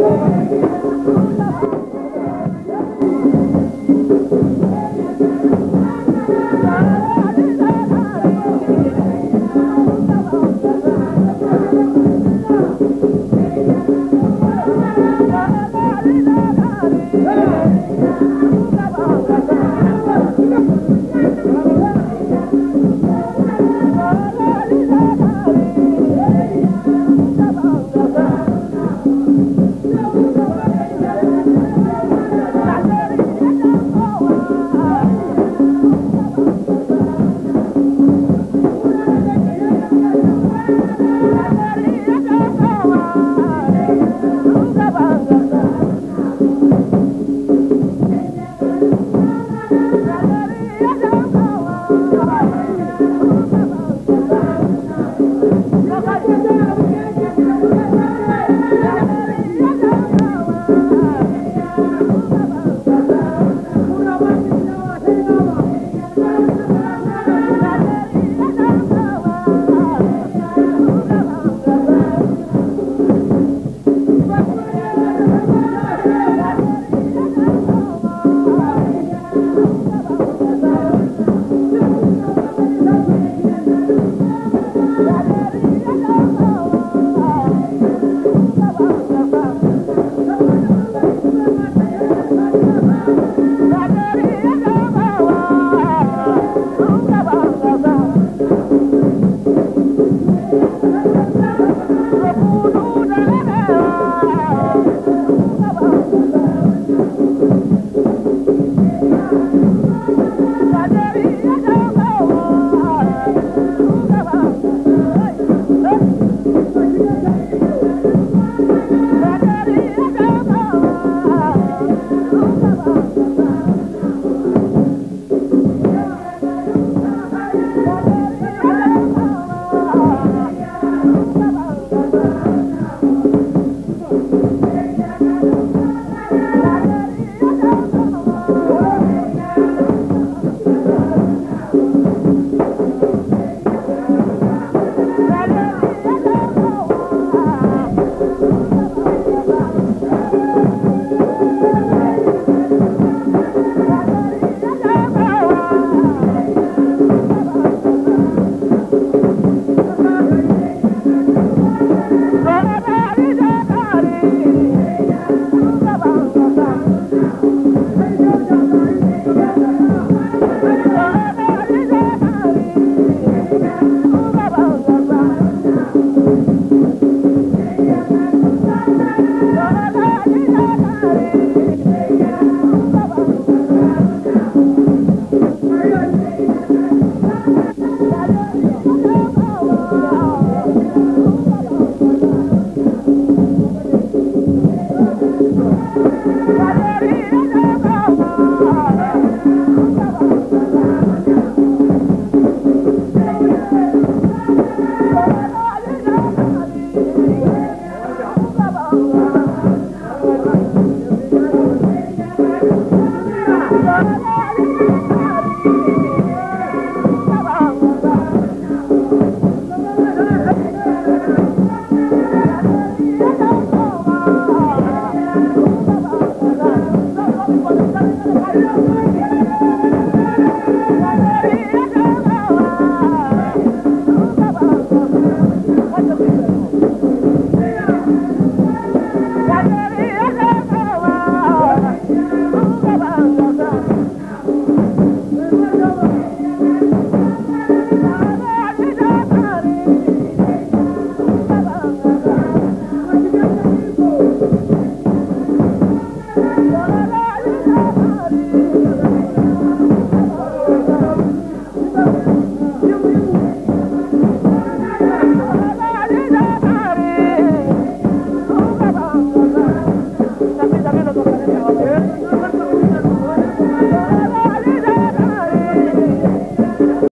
¡Gracias! Bye.